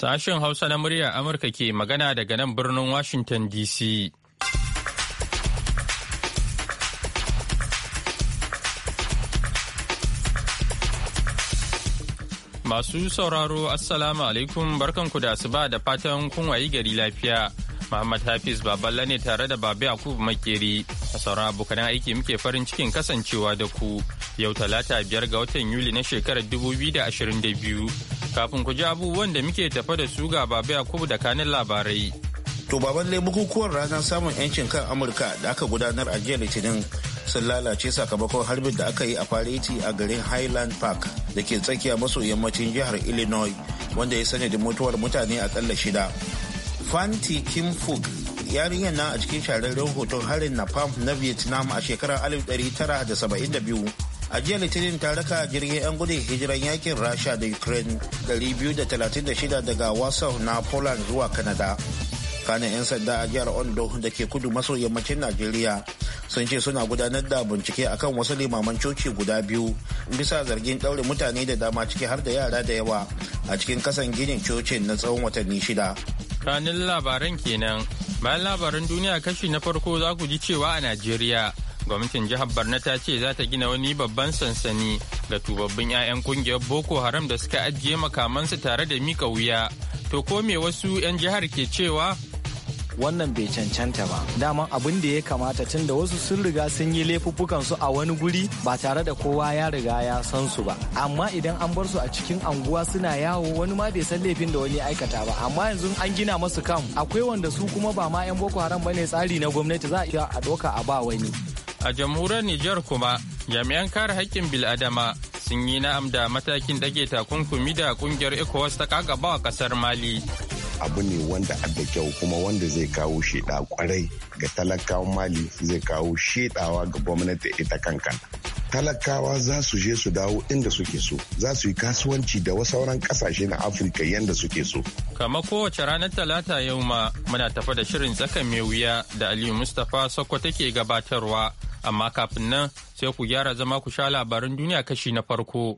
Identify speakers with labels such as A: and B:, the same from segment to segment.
A: Sashen Hausa na murya Amurka ke magana daga nan birnin Washington DC. Masu sauraro Assalamu alaikum barkanku da asuba da fatan kun wayi gari lafiya. Muhammad Hafiz Baballa ne tare da Babi Yakubu Makeri a sauran abokanan aiki muke farin cikin kasancewa da ku yau talata biyar ga watan Yuli na shekarar 2022. Kafin ku ji abubuwan da muke tafa da su ga Baba kubu da kanin labarai.
B: To baban lai bukukuwan ranar samun 'yancin kan Amurka da aka gudanar a jiya Litinin sun lalace sakamakon harbin da aka yi a fareti a garin Highland Park da ke tsakiya maso yammacin jihar Illinois wanda ya sanadin mutuwar mutane akalla shida. Fanti Kim Fook yarinyar na a cikin shahararren hoton harin na pam na Vietnam a shekarar 1972 a jiya litinin ta raka jirgin 'yan gudun hijiran yakin rasha da ukraine 236 daga wasau na poland zuwa canada kane 'yan sanda a jihar ondo da ke kudu maso yammacin najeriya sun ce suna gudanar da bincike akan wasu limaman coci guda biyu bisa zargin ɗaure mutane da dama ciki har da yara da yawa a cikin kasan ginin cocin na tsawon watanni shida
A: kanin labaran kenan bayan labaran duniya kashi na farko za ku ji cewa a najeriya gwamnatin jihar barna ta ce za ta gina wani babban sansani ga tubabbin 'ya'yan kungiyar boko haram da suka ajiye makamansu tare da mika wuya to ko me wasu 'yan jihar ke cewa wannan bai cancanta
C: ba daman abin da ya kamata tun da wasu sun riga sun yi laifuffukan su a wani guri ba tare da kowa ya riga ya san su ba amma idan an bar su a cikin anguwa suna yawo wani ma bai san laifin da wani aikata ba amma yanzu an gina masu kam akwai wanda su kuma ba ma yan boko haram bane tsari na gwamnati za a iya a doka a ba wani
A: A jamhuriyar Nijar kuma jami'an kare haƙƙin bil'adama sun yi na'am da matakin ɗage takunkumi da ƙungiyar ECOWAS ta kagaba a ƙasar Mali.
D: abu ne wanda da kyau kuma wanda zai kawo sheɗa ƙwarai ga talakawan mali zai kawo sheɗawa ga gwamnati ita kanka talakawa za su je su dawo inda suke so za su yi kasuwanci da wasu sauran kasashe na afirka yadda suke so
A: kama kowace ranar talata yau ma muna tafa da shirin tsakan mai wuya da aliyu mustapha sakwa take gabatarwa amma kafin nan sai ku gyara zama ku sha labaran duniya kashi na farko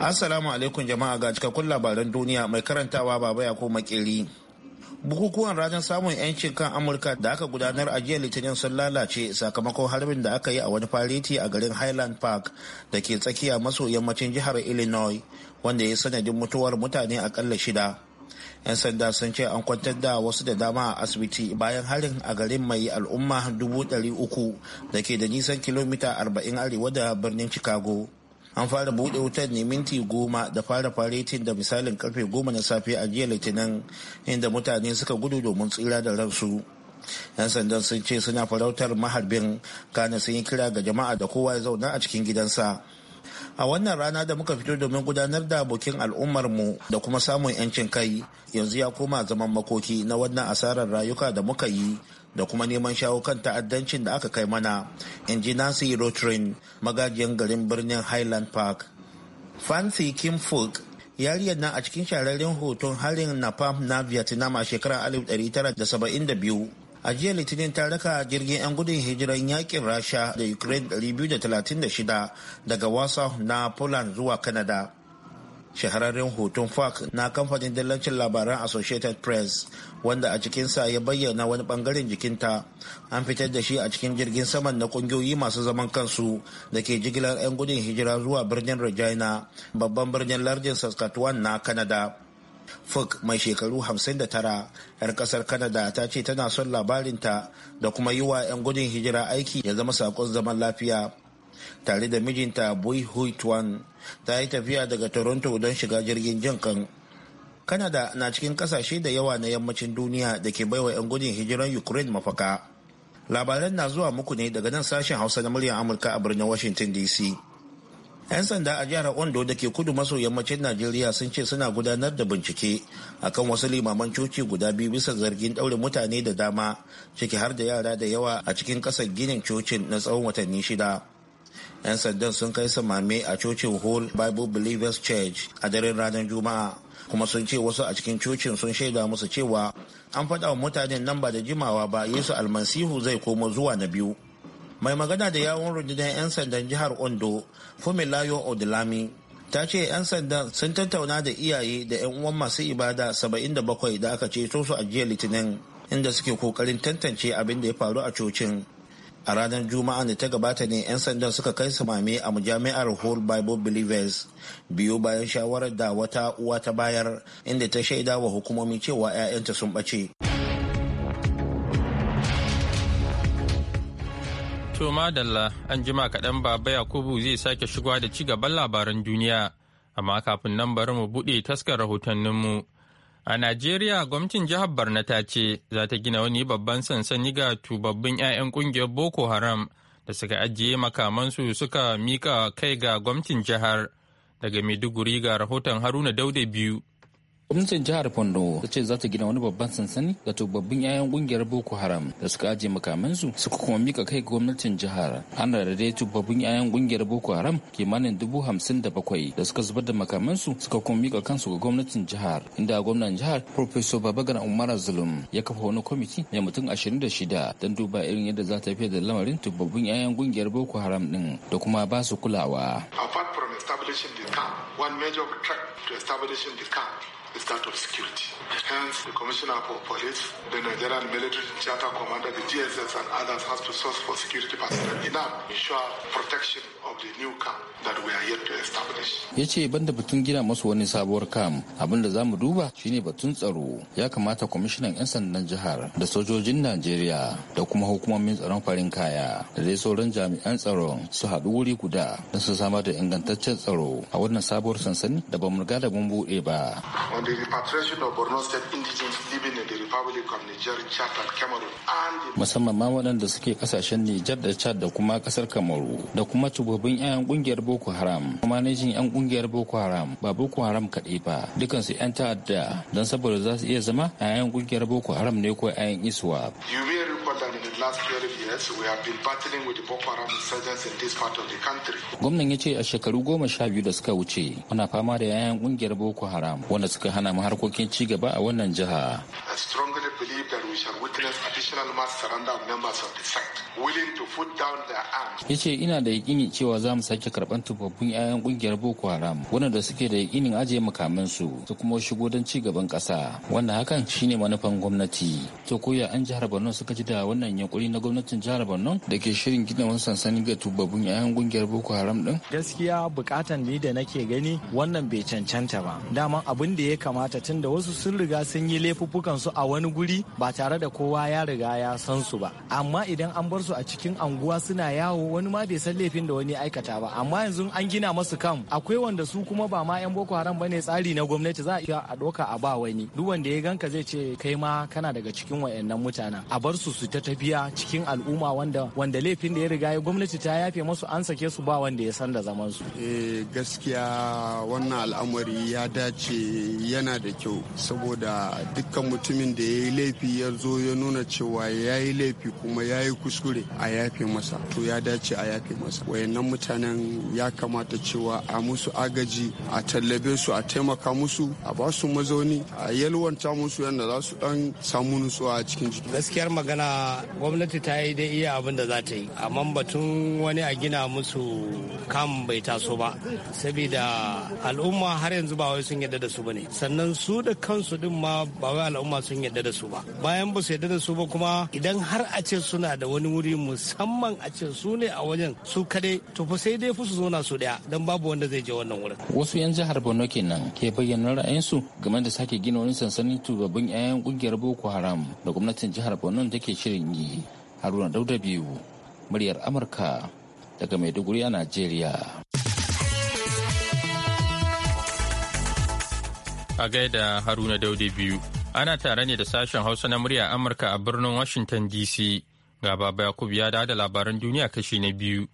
B: Assalamu alaikum jama'a ga cikakkun labaran duniya mai karantawa baba ya ko makeri. bukukuwan ranar samun 'yancin kan amurka da aka gudanar a jiya litinin sun lalace sakamakon harbin da aka yi a wani fareti a garin highland park da ke tsakiya maso yammacin jihar illinois wanda ya sanadin mutuwar mutane akalla shida 'yan sanda sun ce an kwantar da wasu da dama a asibiti bayan harin a garin mai al'umma 300 da ke da nisan kilomita 40 arewa da birnin chicago an fara bude wutar ne minti goma da fara faretin da misalin karfe goma na safe a jiya litinin inda mutane suka gudu domin tsira da ransu yan sandan sun ce suna farautar maharbin kana sun yi kira ga jama'a da kowa ya zauna a cikin gidansa a wannan rana da muka fito domin gudanar da abokin al'ummarmu da kuma samun 'yancin kai yanzu ya koma zaman makoki na wannan asarar rayuka da muka yi da kuma neman shawo kan ta'addancin da aka kai mana in ji nancy rotrin magajiyan garin birnin highland park fancy kim Fook yariyar nan a cikin shararren hoton harin napalm na vietnam a shekarar 1972 a jiya litinin ta raka jirgin 'yan gudun hijiran yakin rasha da ukraine 236 daga wasa na poland zuwa canada shahararren hoton fark na kamfanin dallacin labaran associated press wanda a cikinsa ya bayyana wani bangaren jikinta an fitar da shi a cikin jirgin saman na kungiyoyi masu zaman kansu da ke jigilar 'yan gudun hijira zuwa birnin regina babban birnin lardin saskatchewan na canada Fuk mai shekaru 59 'yar kasar Canada ta ce tana son labarinta da kuma yi wa 'yan gudun hijira aiki ya zama sakon zaman lafiya. tare da mijinta Bui Huitwan ta yi tafiya daga Toronto don shiga jirgin jin kan. Canada na cikin kasashe da yawa na yammacin duniya da ke baiwa 'yan gudun hijiran Ukraine mafaka. Labaran na zuwa muku ne daga nan sashen Hausa na muryar Amurka a birnin Washington DC. 'Yan sanda a jihar Ondo da ke kudu maso yammacin Najeriya sun ce suna gudanar da bincike akan wasu limaman coci guda biyu bisa zargin ɗaure mutane da dama ciki har da yara da yawa a cikin ƙasar ginin cocin na tsawon watanni shida. 'yan sandan sun kai samame a cocin hall bible believers church a daren ranar juma'a kuma sun ce wasu a cikin cocin sun shaida musu cewa an faɗa wa mutanen nan ba da jimawa ba yesu almasihu zai komo zuwa na biyu mai magana da yawon rundunar 'yan sandan jihar ondo fumilayo odilami ta ce 'yan sandan sun tattauna da iyaye da 'yan uwan masu ibada saba'in da bakwai da aka ce su a jiya litinin inda suke kokarin tantance abin da ya faru a cocin a ranar juma'a da ta gabata ne 'yan sandan suka kai samame a majami'ar whole bible believers biyu bayan shawarar da wata uwa ta bayar inda ta shaida wa hukumomi cewa 'ya'yanta sun ɓace.
A: to madalla an jima kaɗan baba yakubu zai sake shigowa da ci gaban labaran duniya amma kafin nan bari mu buɗe taskar rahotanninmu. mu A Najeriya gwamnatin jihar Barna ta ce za ta gina wani babban sansani ga tubabbin 'ya'yan kungiyar Boko Haram da suka ajiye makamansu suka mika kai ga gwamnatin jihar daga Maiduguri ga rahoton Haruna Dauda biyu.
E: gwamnatin jihar Pondo ta ce za ta gina wani babban sansani ga tubabbin 'ya'yan kungiyar Boko Haram da suka aje makamansu suka kuma mika kai gwamnatin jihar. Ana da dai tubabbin 'ya'yan kungiyar Boko Haram kimanin dubu hamsin da bakwai da suka zubar da makamansu suka kuma mika kansu ga gwamnatin jihar. Inda gwamnan jihar Professor Babagana Umar Zulum ya kafa wani kwamiti mai mutum ashirin da shida don duba irin yadda za ta fiye da lamarin tubabbin 'ya'yan kungiyar Boko Haram din da kuma ba su kulawa.
D: Apart from establishing the camp, one major track to establishing the camp is that of security. Hence, the Commissioner for Police, the Nigerian Military Charter Commander, the GSS, and others has to source for security personnel to ensure protection of the new camp that we are yet to establish.
E: Ya ce banda batun gina masu wani sabuwar kam abin za mu duba shine batun tsaro ya kamata kwamishinan 'yan sandan jihar da sojojin Najeriya da kuma hukumomin tsaron farin kaya da dai sauran jami'an tsaron su haɗu wuri guda don su samar da ingantaccen tsaro a wannan sabuwar sansani da ba mu riga da mun buɗe ba.
D: the repatriation of Borno State indigenes living in the Republic of Niger, Chad and Cameroon.
E: Musamman ma waɗanda suke kasashen Nijar da Chad da kuma kasar Kamaru da kuma tubobin 'yan kungiyar Boko Haram. Manajin 'yan kungiyar Boko Haram ba Boko Haram kaɗai ba dukansu 'yan ta'adda don saboda za su iya zama 'ya'yan kungiyar Boko Haram ne ko 'ya'yan Iswa.
D: You may recall that in the last 12 years we have been battling with the Boko Haram insurgents in this part of the country.
E: Gwamnan ya ce a shekaru goma sha biyu da suka wuce muna fama da yayan kungiyar Boko Haram wanda suka hana mu harkokin ci gaba a wannan jiha.
D: I strongly believe that we shall witness additional mass surrender of members of the sect willing to put down their arms.
E: Ya ce ina da yakini cewa za mu sake karɓar tubabbun 'ya'yan kungiyar Boko Haram waɗanda suke da yakinin ajiye makaman su kuma shigo don ci gaban ƙasa wanda hakan shine manufan gwamnati. Ta koya an jihar Borno suka ji da wannan yankin yunkuri na gwamnatin jihar Borno da ke shirin gina wani sansani ga tubabbun 'ya'yan gungiyar Boko Haram din? Gaskiya bukatan ni da nake gani wannan bai cancanta ba. Daman abin da ya kamata tun da wasu
C: sun riga sun yi laifuffukan su a wani guri ba tare da kowa ya riga ya san su ba. Amma idan an bar su a cikin anguwa suna yawo wani ma bai san laifin da wani aikata ba. Amma yanzu an gina masu kam akwai wanda su kuma ba ma 'yan Boko Haram bane tsari na gwamnati za a iya a doka a ba wani. Duk wanda ya ganka zai ce kai ma kana daga cikin wayannan mutanen. A bar su su ta tafiya cikin al'umma wanda wanda laifin da ya riga ya gwamnati ta yafe masu an sake su ba wanda ya san da zaman su
D: eh gaskiya wannan al'amari ya dace yana da kyau saboda dukkan mutumin da ya yi laifi ya zo ya nuna cewa ya yi laifi kuma ya yi kuskure a yafe masa to ya dace a yafe masa wayannan mutanen ya kamata cewa a musu agaji a tallabe su a taimaka musu a ba su mazauni a yalwanta musu yadda za su dan samu nutsuwa a cikin jiki gaskiyar magana gwamnati ta
C: yi da iya abin da za ta yi amma batun wani a gina musu kam bai taso ba saboda al'umma har yanzu ba wai sun yadda da su ba ne sannan su da kansu din ma ba wai al'umma sun yadda da su ba bayan ba su yadda da su ba kuma idan har a ce suna da wani wuri musamman a ce su ne a wajen su kadai to fa sai dai fu su zauna su daya dan babu wanda zai je wannan wurin
E: wasu yan jihar Borno kenan ke bayyana ra'ayinsu game da sake gina wani sansanin shugaban 'ya'yan kungiyar Boko Haram da gwamnatin jihar Borno take shirin yi haruna dauda biyu muryar amurka daga maiduguri a najeriya
A: a gaida haruna dauda biyu ana tare ne da sashen hausa na muryar amurka a birnin washington dc ga baba Yakubu ya da labaran duniya kashi na biyu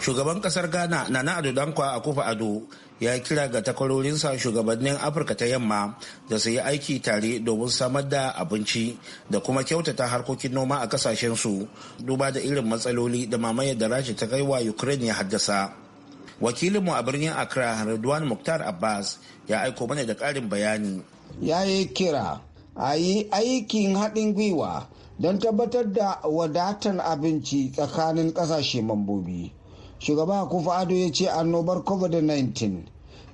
A: shugaban kasar ghana na na ado dankwa a
B: kufa ado ya kira ga takwarorinsa shugabannin afirka ta yamma da su yi aiki tare domin samar da abinci da kuma kyautata harkokin noma a kasashensu duba da irin matsaloli da mamayar da rasha ta kai ukraine ya haddasa wakilinmu a birnin accra redwan muktar abbas ya aiko mana da karin bayani
F: ya yi kira a yi aikin haɗin gwiwa don tabbatar da wadatar abinci tsakanin ƙasashe mambobi Shugaban kufa ado ya ce annobar covid-19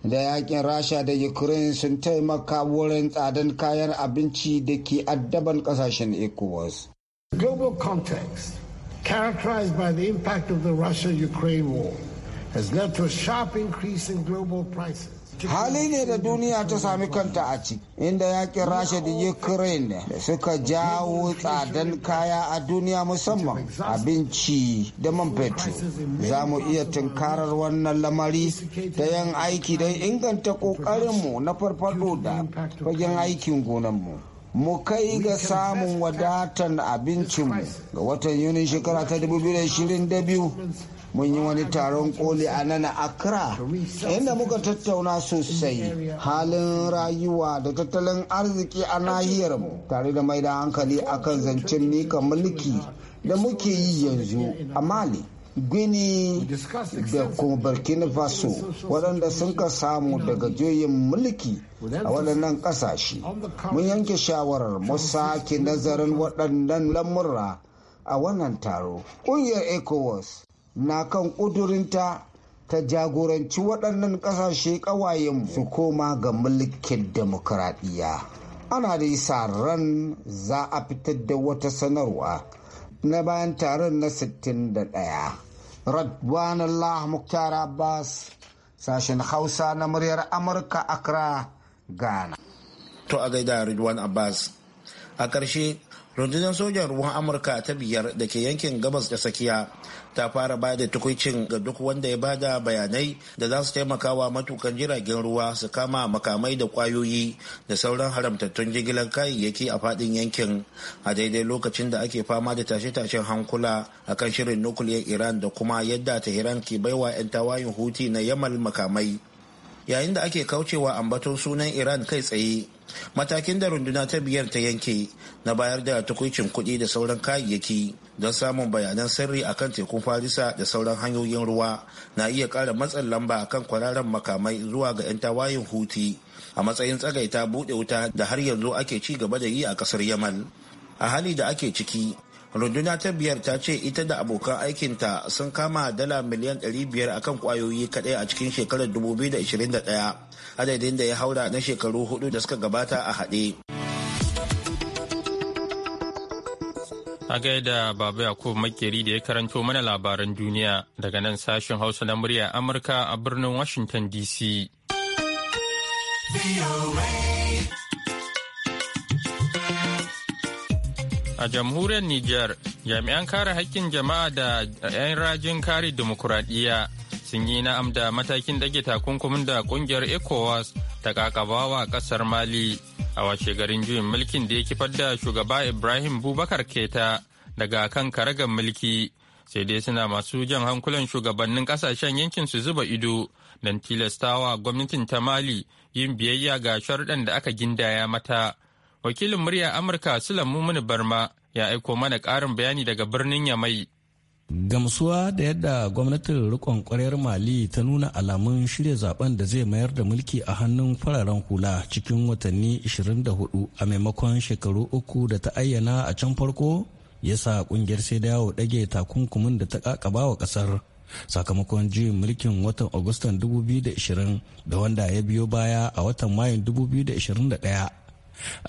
F: da yakin rasha da ukraine sun taimaka wurin tsadan kayan abinci da ke addaban kasashen ecowas
G: global context characterized by the impact of the russia-ukraine war has led to a sharp
F: increase in global prices hali ne da duniya ta sami kanta a ciki inda yakin rasha da ukraine da suka jawo tsadan kaya a duniya musamman abinci da man fetur za mu iya tunkarar wannan lamari ta yan aiki don inganta kokarinmu na farfado da fagen aikin gonanmu mu kai ga samun wadatan abincinmu ga watan yunin shekara ta 2022 mun yi wani taron koli a nan akra inda muka tattauna sosai halin rayuwa da tattalin arziki a nahiyar mu tare da mai da hankali akan zancen mika mulki da muke yi yanzu a mali guinea da kuma burkina faso waɗanda sun ka samu daga juyin mulki a waɗannan ƙasashe mun yanke shawarar mu sake nazarin waɗannan lamurra a wannan taro ƙungiyar ecowas na kan ƙudurinta ta jagoranci waɗannan ƙasashe ƙawayen su koma ga mulkin demokuraɗiyya ana da sa ran za a fitar da wata sanarwa na bayan taron na 61 radwanallah muktar abbas sashen hausa na muryar amurka accra ghana to a gaida
B: Radwan abbas a ƙarshe rundunar sojan ruwan amurka ta biyar da ke yankin gabas da tsakiya ta fara ba da tukuicin ga duk wanda ya bada bayanai da za su taimaka wa matukan jiragen ruwa su kama makamai da kwayoyi da sauran haramtattun jigilar kayayyaki a fadin yankin a daidai lokacin da ake fama da tashe-tashen hankula akan shirin nukuliyar iran da kuma yadda tehran ke baiwa 'yan tawayin huti na yamal makamai yayin da ake kaucewa ambaton sunan iran kai tsaye matakin da runduna ta biyar ta yanke na bayar da tukuicin kuɗi da sauran kayayyaki don samun bayanan sirri akan tekun farisa da sauran hanyoyin ruwa na iya ƙara matsin lamba akan kwararren makamai zuwa ga 'yan tawayin huti a matsayin tsagaita buɗe wuta da har yanzu ake ci gaba da yi a ƙasar yaman a hali da ake ciki runduna ta biyar ta ce ita da abokan aikinta sun kama dala miliyan 500 akan kwayoyi kaɗai a cikin shekarar 2021 adadin da ya haura na shekaru hudu da suka gabata a haɗe.
A: A da Baba Yakubu Makeri da ya karanto mana labaran duniya daga nan sashen Hausa na murya Amurka a birnin Washington DC. A jamhuriyar Nijar, jami'an kare haƙƙin jama'a da 'yan rajin kare demokuraɗiyya sun yi na'am da matakin dage takunkumin da kungiyar ecowas ta kakabawa kasar mali a washe garin juyin mulkin da ya kifar da shugaba ibrahim bubakar keta daga kan karagar mulki sai dai suna masu jan hankulan shugabannin kasashen yankin su zuba ido don tilastawa gwamnatin ta mali yin biyayya ga sharuɗan da aka gindaya mata wakilin murya amurka sulamu mini barma ya aiko mana ƙarin bayani daga birnin yamai
H: Gamsuwa da yadda gwamnatin rikon kwarar Mali ta nuna alamun shirya zaben da zai mayar da mulki a hannun fararen hula cikin watanni 24 a maimakon shekaru uku da ta ayyana a can farko ya sa kungiyar sai da yawo dage takunkumin da ta kakaba wa ƙasar sakamakon juyin mulkin watan Agustan 2020 da wanda ya biyo baya a watan Mayun 2021.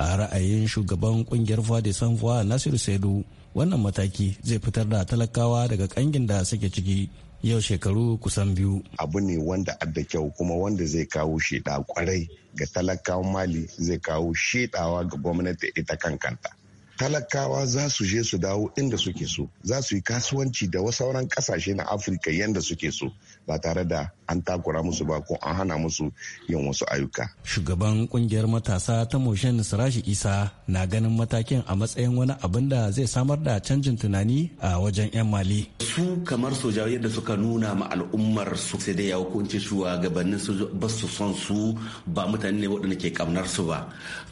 H: a ra'ayin shugaban kungiyar voix de san voix nasiru saidu wannan mataki zai fitar da talakawa daga kangin da suke ciki yau shekaru kusan biyu
D: abu ne wanda adda kyau kuma wanda zai kawo sheda kwarai ga talakawan mali zai kawo shedawa ga gwamnati ita kankanta talakawa za su je su dawo inda suke so za su yi kasuwanci da wasu sauran kasashe na afirka yadda suke so ba tare da an takura musu ba ko an hana musu yin wasu ayyuka
H: shugaban kungiyar matasa ta moshen sirashi isa na ganin matakin a matsayin wani abin da zai samar da canjin tunani a wajen 'yan mali su kamar sojawa yadda suka nuna ma al'ummar su sai dai ya hukunci gabanin su ba su son su ba mutane ne waɗanda ke kamnar su ba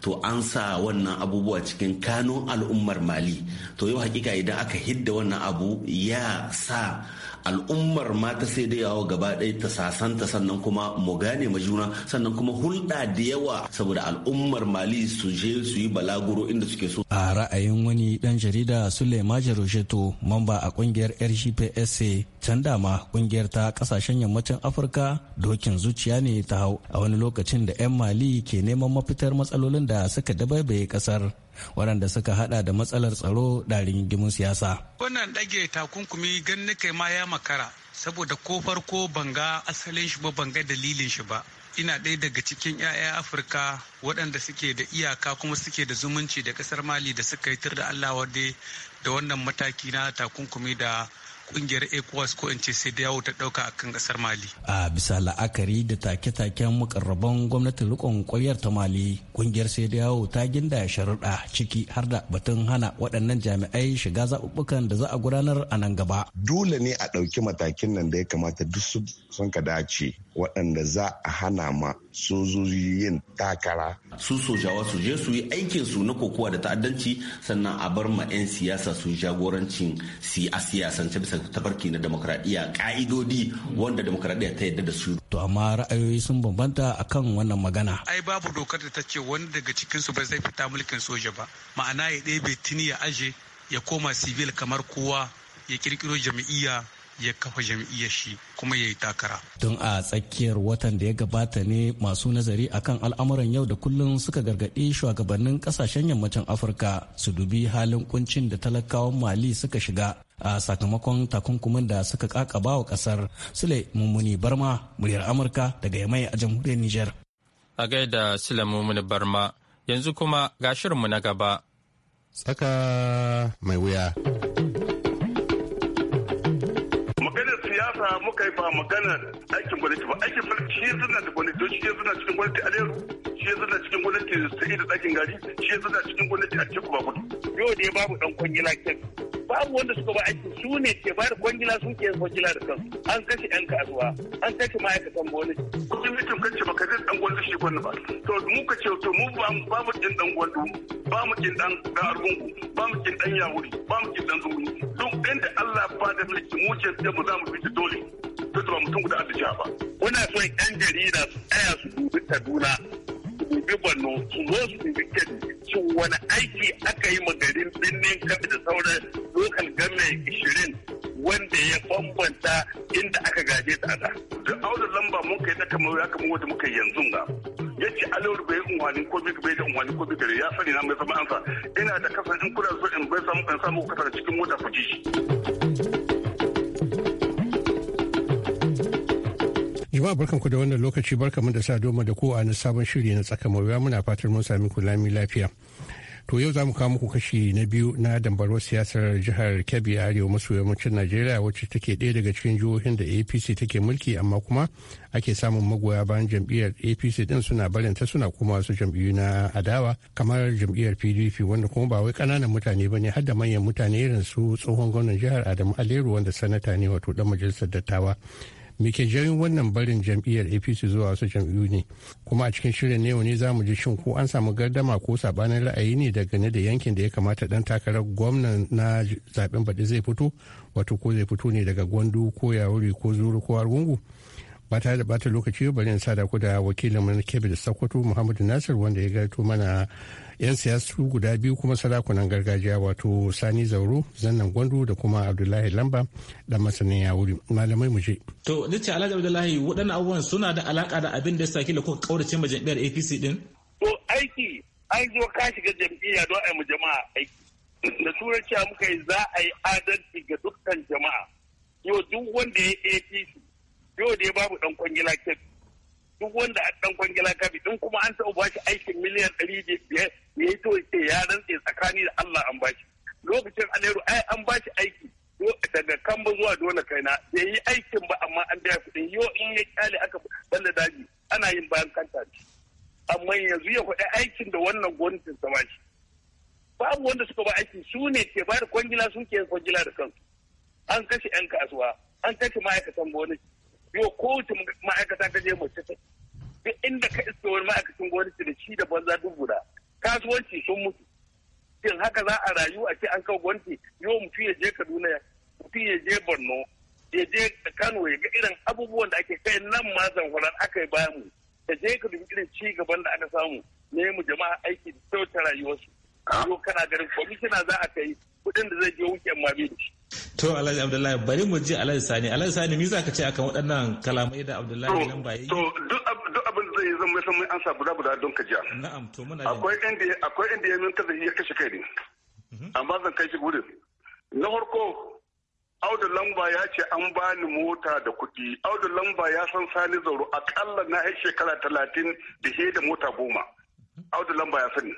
H: to an sa wannan abubuwa cikin kanun al'ummar mali to yau hakika idan aka hidda wannan abu ya sa al'ummar ma ta sai da yawo gaba ɗaya ta sasanta sannan kuma mu gane ma juna sannan kuma hulɗa da yawa saboda al'ummar mali su je su yi balaguro inda suke so. a ra'ayin wani ɗan jarida suleima jarojeto mamba a ƙungiyar rgpsa can dama ƙungiyar ta ƙasashen yammacin afirka dokin zuciya ne ta hau a wani lokacin da 'yan mali ke neman mafitar matsalolin da suka dabaibaye ƙasar waɗanda suka hada da matsalar tsaro da rigimin siyasa. Wannan ɗage takunkumi gan nika ma ya makara saboda ko farko banga asalin shi ba banga dalilin shi ba. Ina ɗaya daga cikin 'ya'ya Afirka waɗanda suke da iyaka kuma suke da zumunci da ƙasar Mali da suka yi tur da Allah wadde da wannan mataki na takunkumi da kungiyar ecowas ko in ce sai da yawo ta dauka kan kasar mali a bisa la'akari da take-taken mukarraban gwamnatin rikon kwaryar ta mali kungiyar sai da yawo ta ginda sharuɗa ciki har da batun hana waɗannan jami'ai shiga zaɓuɓɓukan da za a gudanar a
D: nan gaba dole ne a ɗauki matakin nan da ya kamata duk sun ka dace waɗanda za a hana ma sojoji yin takara. Su sojawa su je su yi aikin
H: su na kokowa da ta'addanci sannan a bar ma 'yan siyasa su jagorancin a siyasance bisa tafarki na demokradiyya ka'idodi wanda demokradiyya ta yadda da su. To amma ra'ayoyi sun bambanta akan wannan magana. Ai babu dokar da ta ce wani daga cikin su ba zai fita mulkin soja ba. Ma'ana ya ɗebe tini ya aje ya koma civil kamar kowa ya kirkiro jam'iyya ya kafa jam'iyyar shi kuma ya yi takara. Tun a tsakiyar watan da ya gabata ne masu nazari akan al'amuran yau da kullum suka gargaɗi shugabannin ƙasashen yammacin Afirka su dubi halin kuncin da talakawan Mali suka shiga a sakamakon takunkumin da suka kakaba wa ƙasar Sule Mummuni Barma muryar Amurka daga Yamai a jamhuriyar Nijar.
A: A gaida Sule Mummuni Barma yanzu kuma ga shirinmu na gaba.
G: Tsaka mai wuya. yasa muka yi ba maganar aikin gwamnati
I: ba aikin gwamnati shi yanzu na da gwamnati shi cikin gwamnati alayyar shi yanzu na cikin gwamnati sai da ɗakin gari shi cikin gwamnati a cikin ba yau ne babu ɗan kwangila kin babu wanda suka ba aiki su ne ke ba da kwangila su ke kwangila da kansu an kashe yan kasuwa an kashe ma'aikatan gwamnati gwamnatin kace baka zai dan gwanda shi gwanda ba to mu ka ce to mu ba mu kin dan gwando ba mu kin dan gargungu ba mu kin dan yawuri ba mu kin dan zunguni don da Allah ba da mulki mu ce mu za mu fita dole to ba mutum guda Allah ba muna so yan jarida su tsaya su dubi duna. dubi bano su zo su dubi su wani aiki aka yi magarin birnin kabi da sauran lokal government ishirin wanda ya bambanta inda aka gaje ta da. Da aure lamba mun kai ta kamar ya kamar wata muka yanzu ga. Ya ce alawar bai yi unwani ko bai bai da unwani ko bai gare ya sani na mai zama ansa. Ina da kasan in kuna so
G: in bai samu kan samu kasar cikin mota ku ji shi. Jama'a barkanku da wannan lokaci barkanmu da sa doma da ko a na sabon shiri na tsaka mawuya muna fatar mun sami ku lami lafiya. To yau za mu kawo muku kashi na biyu na dambarwar siyasar jihar Kebbi a arewa maso yammacin Najeriya wacce take ɗaya daga cikin jihohin da APC take mulki amma kuma ake samun magoya bayan jam'iyyar APC din suna barin ta suna kuma wasu jam'iyyu na adawa kamar jam'iyyar PDP wanda kuma ba wai ƙananan mutane ba ne har da manyan mutane irin su tsohon gwamnan jihar Adamu alero wanda sanata ne wato dan majalisar dattawa. me ke jayin wannan barin jam'iyyar apc zuwa wasu jam'iyyu ne kuma a cikin shirin ne ne za mu ji shin ko an samu gardama ko sabanin ra'ayi ne dangane da yankin da ya kamata dan takarar gwamnan na zaben baɗi zai fito wato ko zai fito ne daga gwandu ko yawuri ko zuru ko argungu ba ta da bata lokaci bari in sada ku da wakilin na kebe da sokoto muhammadu nasir wanda ya gaito mana yan siyasu guda biyu kuma sarakunan gargajiya wato sani zauro zannan gwandu da kuma abdullahi lamba da masanin wuri, malamai mu je.
J: to ni ce alhaji abdullahi waɗannan abubuwan suna da alaka da abin da ya saki da kuka ƙaurace ma apc din.
I: to aiki an zo ka shiga jam'iyya don a yi mu jama'a aiki da turanci muka yi za a yi adalci ga dukkan jama'a yau duk wanda ya apc yau dai babu dan kwangila ke duk wanda a dan kwangila kabi din kuma an taɓa bashi aikin miliyan ɗari biyar ya yi ce ya rantse tsakani da Allah an bashi lokacin alheru ai an bashi aiki daga ba zuwa dole kaina bai yi aikin ba amma an biya kuɗin yau in ya kyale aka balle daji ana yin bayan kanta ne amma yanzu ya faɗi aikin da wannan gwamnatin ta bashi babu wanda suka ba aiki su ne ke bayar kwangila sun ke kwangila da kansu an kashe 'yan kasuwa an kashe ma'aikatan gwamnati yau kowace ma'aikata ta je mu ta duk inda ka iske wani ma'aikacin gwamnati da shi da banza dubu da kasuwanci sun mutu shin haka za a rayu a ce an kawo gwamnati yau mutum ya je kaduna mutum ya je borno ya je kano ya ga irin abubuwan da ake kai nan ma zanfarar aka yi bayan mu ka je ka dubi irin ci gaban da aka samu ne mu jama'a aiki da kyauta rayuwarsu ah. yau kana garin kwamishina za a kai kuɗin da zai je wuken ma da shi
J: To Alhaji Abdullahi bari mu ji Alhaji Sani. Alhaji Sani me zaka ce akan waɗannan kalamai da Abdullahi Lamba
I: yayi? To duk abin da zai zama san mai ansa guda guda don ka jiya. Na'am to muna Akwai inda akwai inda ya mintar da ya kashe kai ne. Mhm. Amma zan kai shi gudun. Na farko Audu Lamba ya ce an bani mota da kuɗi. Audu Lamba ya san Sani Zauro akalla na yi shekara talatin da he da mota goma. Mhm. Audu Lamba ya sani.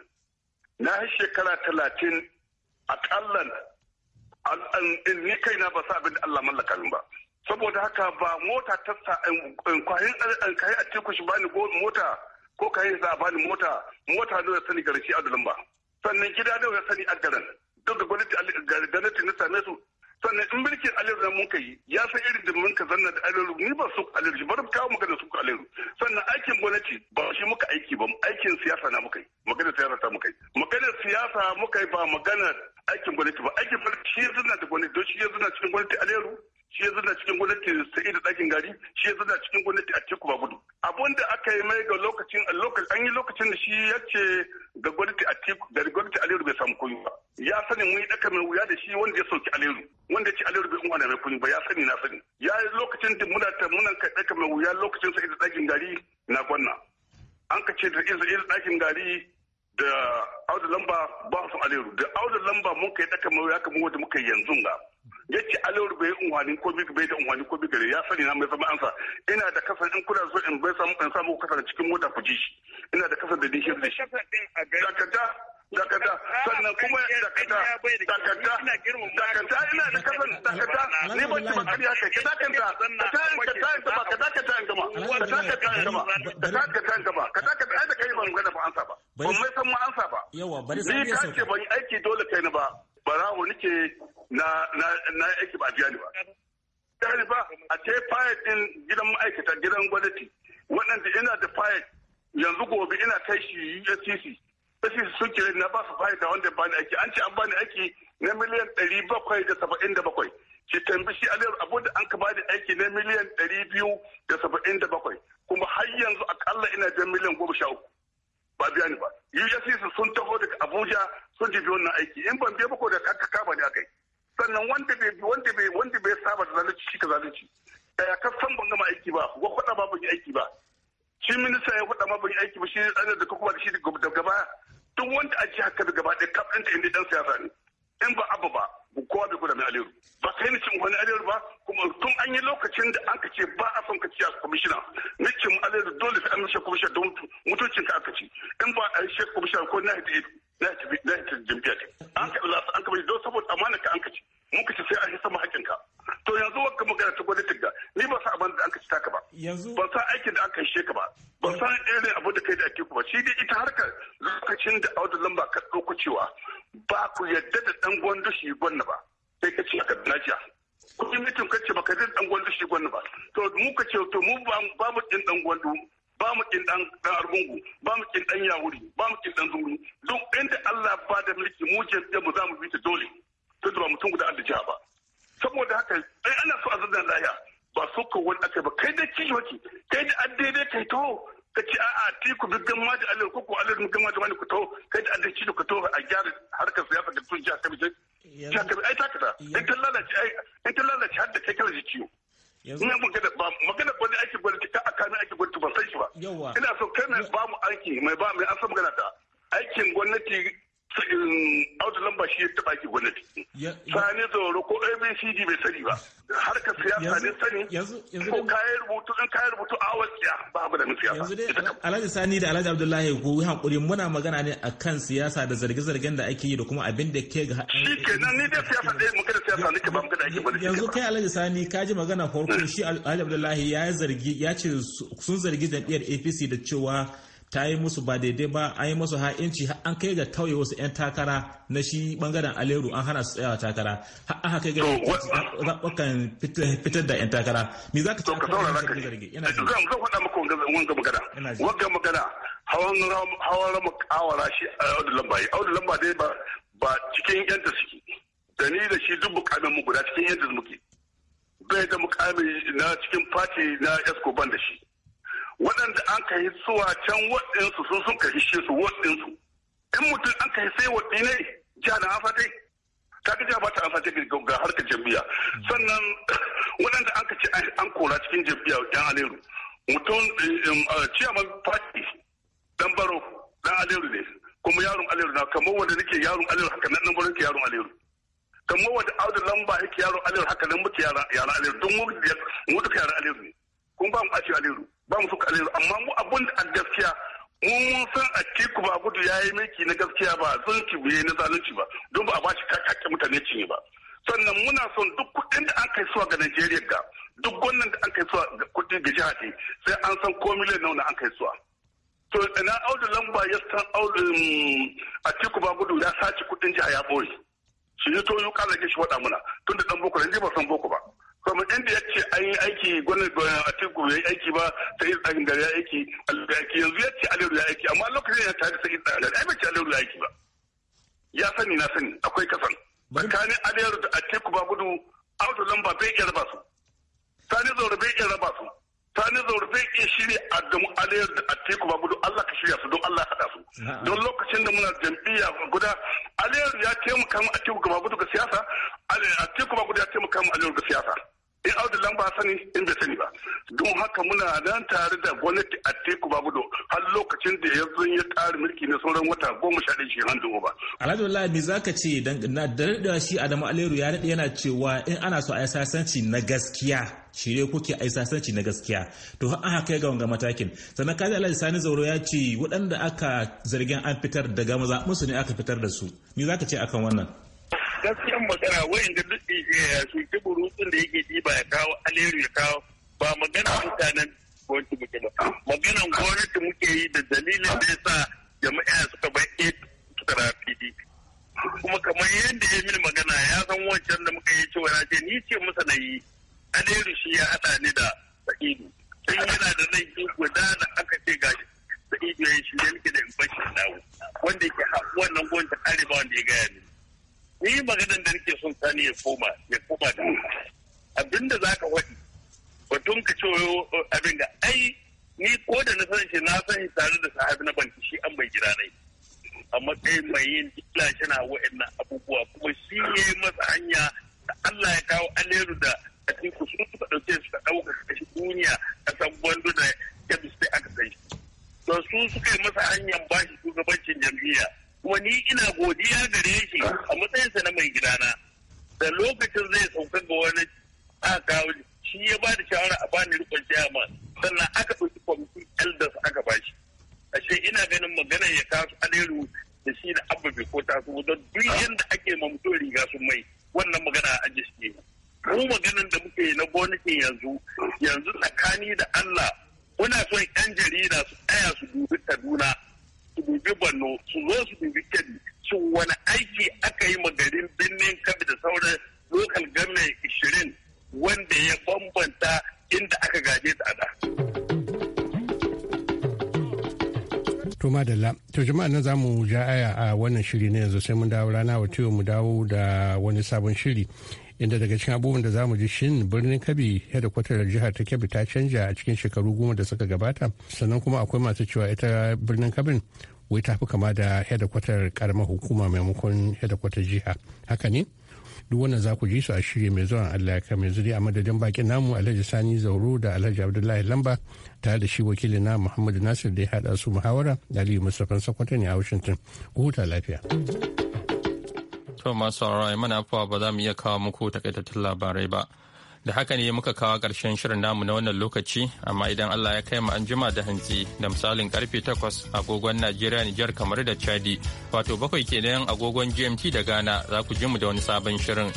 I: Na yi shekara talatin akalla ni kaina ba sa abin da Allah mallaka min ba saboda haka ba mota ta sa in kai a teku shi bani mota ko kai za bani mota mota ne sani garin shi adalin ba sannan gida ne ya sani adalin duk da gwamnati na same su sannan in mulkin aliru na mun kai ya san irin da mun ka zanna da aliru ni ba su aliru shi bari kawo maka da su aliru sannan aikin gwamnati ba shi muka aiki ba aikin siyasa na muka yi siyasa ta muka yi maganar siyasa muka yi ba maganar aikin gwamnati ba aikin gwamnati shi ya zanna da gwamnati don shi ya zanna cikin gwamnati aleru shi ya zanna cikin gwamnati sa'idu dakin gari shi ya zanna cikin gwamnati a teku ba gudu abun da aka yi mai ga lokacin an yi lokacin da shi ya ce da gwamnati a teku da gwamnati aleru bai samu koyo ba ya sani mun yi daka mai wuya da shi wanda ya sauki aleru wanda ya ce aleru bai umarna mai koyo ba ya sani na sani ya yi lokacin da muna ta muna kai daka mai wuya lokacin sa'idu dakin gari na gwanna an ka ce da izu izu dakin gari da auda lamba ba su aleru da auda lamba mun kai daka mai ya kamar wanda muka yanzu ga yace Aliyu bai unwani ko bi bai da unwani ko bi gare ya sani na mai zama ansa ina da kasan in kula zo in bai samu kan samu kasan cikin mota ku ji ina da kasan da dishin da shi a kada dakata sannan kuma dakata dakata dakata ina da kasan dakata ne ba ci bakar ya kai dakata ka tayin ka ba ka dakata in gama ka dakata in gama ka dakata in gama ka dakata ai da kai ban gana ba ansa ba ban mai san ma ansa ba yawa bari sai ya sauka ni ban aiki dole kai ni ba barawo nake na na na aiki ba biya ni ba kai ba a ce fayil din gidan ma'aikata gidan gwamnati waɗanda ina da fayil yanzu gobe ina kai shi USCC kashi sun suke na ba su da wanda bani aiki an ce an bani aiki na miliyan ɗari bakwai da saba'in da bakwai ki tambi shi lera abu da an ka bani aiki na miliyan ɗari biyu da saba'in da bakwai kuma har yanzu akalla ina jan miliyan goma sha uku ba biya ni ba USC sun taho daga Abuja sun jibi wannan aiki in ban biya ba da kaka kaba ne akai sannan wanda bai wanda bai wanda bai saba da zalunci shi ka zalunci ka san ban gama aiki ba ko kwada ba ban yi aiki ba shi minista ya faɗa ma bai aiki ba shi ne da kuma da shi da gaba duk wanda a haka da gaba ɗaya kaf ɗinta inda ɗan siyasa ne in ba abu ba kowa bai gwada mai aliyu ba kai ni cin wani aliyu ba kuma tun an yi lokacin da an ce ba a son ka ci a kwamishina ni cin aliyu dole sai an mishe kwamishina don mutuncin ka aka ci in ba a yi shi kwamishina ko na hidi za ta bi za ta jimbiya ce an ka Allah an ka bai don saboda amana ka an ka ci mun ci sai an sama hakkin to yanzu wanka magana ta gwamnatin ga ni ba sa abin da an ka ci taka ba ban san aikin da aka ishe ka ba ban san irin abu da kai da ake ku ba shi dai ita harkar lokacin da auda lamba ka ɗauko cewa ba ku yadda da ɗan gwandu shi gwanna ba sai ka ce aka najiya kun ka ce ba ka jin ɗan gwandu shi gwanna ba to muka ka ce to mu ba mu ɗin ɗan gwandu ba mu kin dan dan argungu ba mu kin dan yahudi ba mu kin dan zuru duk inda Allah ba da mulki mu ce mu za mu bi ta dole to da mutum guda Allah ba saboda haka ai ana so a Allah ya ba so ko wani aka ba kai da kishi wake kai da addai kai to ka ce a'a ti ku dukkan ma da Allah ko ko Allah dukkan gamma da wani ku to kai da addai kishi ku to a gyara harkar siyasa da tun ji aka bi ai ta kaza in ta lalace ai in ta ci har da kai kana ji ciwo ne magana ba magana ba ne ake gwada ta aka ne ake gwada ban san shi ba. Ina so kai mai ba mu aiki mai ba mai an san magana ta. Aikin gwamnati auta lamba shi ya taba ki gwamnati sani zauro ko abcd bai sani ba ka siyasa ne sani ko kayan rubutu in kayan rubutu a awar tsiya ba abu da siyasa yanzu dai
J: alhaji sani da alhaji abdullahi ko hakuri muna magana ne akan siyasa da zarge-zargen da ake yi da kuma abin da ke ga shi kenan ni da siyasa ɗaya muka da siyasa nake ba muka da ake gwamnati yanzu kai alhaji sani ka ji magana farko hmm. shi alhaji abdullahi ya zargi ya ce sun zargi jam'iyyar apc da cewa ta yi musu ba daidai ba an yi musu ha'inci an kai ga tauye wasu 'yan takara na shi bangaren aleru an hana su tsayawa takara har aka ga zaɓukan fitar da 'yan takara mi za ka ce ka saurara ka zargi ina ji
I: zan faɗa muku wanga magana wanga magana hawan hawan mukawara shi a audu lamba yi audu lamba dai ba ba cikin yanta suke da ni da shi duk mukamin mu guda cikin yanta muke bai da mukamin na cikin fati na yasko ban da shi waɗanda an ka yi suwa can waɗansu sun sun ka hishe su waɗansu in mutum an ka yi sai waɗi ne ja na afatai ta ga ja ba ta amfani ga harkar jam'iyya sannan waɗanda an ka ce an kora cikin jam'iyya yan aleru mutum eh, ciyaman fati dan baro dan aleru ne kuma yaron aleru na kamar wanda nake yaron aleru haka nan baro ke yaron aleru kamar wanda audu lamba yake yaron aleru haka nan muke yaron aleru don mu duka yaran aleru ne kun ba mu ɓaci aleru ba mu so ka amma mu abun da a gaskiya mun san a teku ba gudu ya yi miki na gaskiya ba zunci bai na zalunci ba don ba a bashi kakaki mutane cin ba sannan muna son duk kuɗin da an kai suwa ga Najeriya ga duk wannan da an kai suwa ga kuɗi ga jiha sai an san ko miliyan nauna an kai suwa. To ina audu lamba ya san audu um, a teku ba gudu ya sace kuɗin jiha ya ɓoye. Shi yi to yi ƙalar shi waɗa muna tun da ɗan boko ne ba san boko ba. kuma inda ya ce an yi aiki gwamnati a tiku ya yi aiki ba ta yi isa gari ya aiki aiki yanzu ya ce aliru ya aiki amma lokacin ya tare sai isa gari ai bace aliru ya aiki ba ya sani na sani akwai kasan tsakanin aliru da a tiku ba gudu auto lamba bai iya raba su sani zaure bai iya raba su sani zaure bai iya shirya adamu aliru da a tiku ba gudu allah ka shirya su don allah ya haɗa su don lokacin da muna jam'iyya guda aliru ya taimaka mu atiku ba gudu ga siyasa atiku ba gudu ya taimaka mu aliru ga siyasa in audu lamba sani in bai sani ba don haka muna nan tare da gwamnati a teku babu do har lokacin da ya zan ya ƙara mulki na sauran wata goma sha ɗaya shekaru dubu ba.
J: alhaji wallahi me ka ce na da shi adamu aleru ya daɗe yana cewa in ana so a yi sasanci na gaskiya shirye kuke yi sasanci na gaskiya to har aka kai ga wanga matakin sannan kaji alhaji sani zauro ya ce waɗanda aka zargin an fitar daga musu ne aka fitar da su me ka ce akan wannan.
I: gaskiyan magana wayan da duk su ji burutsun da yake ji ba ya kawo alheri ya kawo ba magana mutanen gwamnati muke ba maganan gwamnati muke yi da dalilin da ya sa jama'a suka bai suka da pdp kuma kamar yadda ya mini magana ya san wancan da muka yi cewa na ce ni ce masa na yi alheri shi ya haɗa ni da sa'idu sun yana da nan yi guda da aka ce gashi sa'idu ya yi shi ne da in bashi na wanda yake wannan gwamnati arewa wanda ya gaya ni ni maganin da nake son sani ya koma ya koma da abinda za ka faɗi batun ka ce abin da ai ni ko da na sanshi na san tare da sahabi na banki shi an bai gira nai a matsayin mai yin dila shi na wa'annan abubuwa kuma shi ya masa hanya da Allah ya kawo aleru da a cikin su suka ɗauke su ka ɗauka kashi duniya san gwandu da yadda sai aka kai don su suka yi masa hanyar bashi shugabancin jam'iyya kuma ni ina godiya gare shi a matsayinsa na mai gidana da lokacin zai sauka ga wani aka kawo shi ya ba da shawara a bani rikon jama sannan aka ɗauki kwamiti elders aka ba shi ashe ina ganin maganar ya kasu aleru da shi da abba bai ko taso don duk yanda ake ma mutum riga sun mai wannan magana a ajiye shi mu maganan da muke na gonakin yanzu yanzu tsakani da Allah muna son 'yan jarida su tsaya su dubi Kaduna su banno suzo su zo su dubi su wani aiki aka yi magarin birnin Kebbi da sauran lokal government 20 wanda ya bambanta inda aka gaje ta da.
G: To madalla, to jama'a na za mu ja aya a wannan shiri na yanzu sai mun dawo rana wa mu dawo da wani sabon shiri. inda daga cikin abubuwan da zamu ji shin birnin kabi kwatar jihar ta kebbi ta canja a cikin shekaru goma da suka gabata sannan kuma akwai masu cewa ita birnin kabin wai ta fi kama da kwatar karamar hukuma maimakon kwatar jiha haka ne duk wannan za ku ji su a shirye mai zuwan Allah ka mai zuri a madadin bakin namu Alhaji Sani Zauro da Alhaji Abdullahi Lamba tare da shi wakili na Muhammadu Nasir da ya haɗa su muhawara Aliyu Mustapha Sakwato ne a Washington. Ku huta lafiya.
A: To masu saurara mana afuwa ba za mu iya kawo muku takaitattun labarai ba. Da haka ne muka kawo ƙarshen shirin namu na wannan lokaci, amma idan Allah ya kai mu an jima da hantsi da misalin karfe 8 agogon Najeriya Nijar kamar da Chadi, wato bakwai kenan agogon GMT da Ghana za ku ji mu da wani sabon shirin.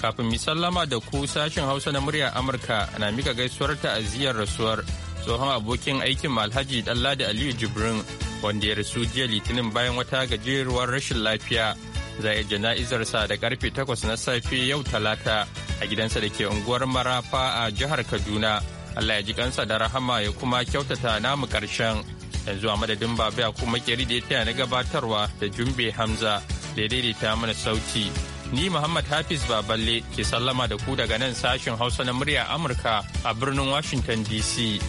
A: Kafin mi sallama da ku sashen Hausa na murya Amurka na mika gaisuwar ta'aziyar rasuwar tsohon abokin aikin Alhaji Dallade Aliyu Jibrin wanda ya rasu jiya Litinin bayan wata gajeruwar rashin lafiya. za a jana'izarsa da karfe takwas na safe yau talata a gidansa da ke unguwar marafa a jihar kaduna allah ya ji kansa da rahama ya kuma kyautata namu karshen yanzu a madadin babu ya kuma keri da ya taya na gabatarwa da jumbe hamza da ya daidaita mana sauti ni muhammad hafiz baballe ke sallama da ku daga nan sashen hausa na murya amurka a birnin washington dc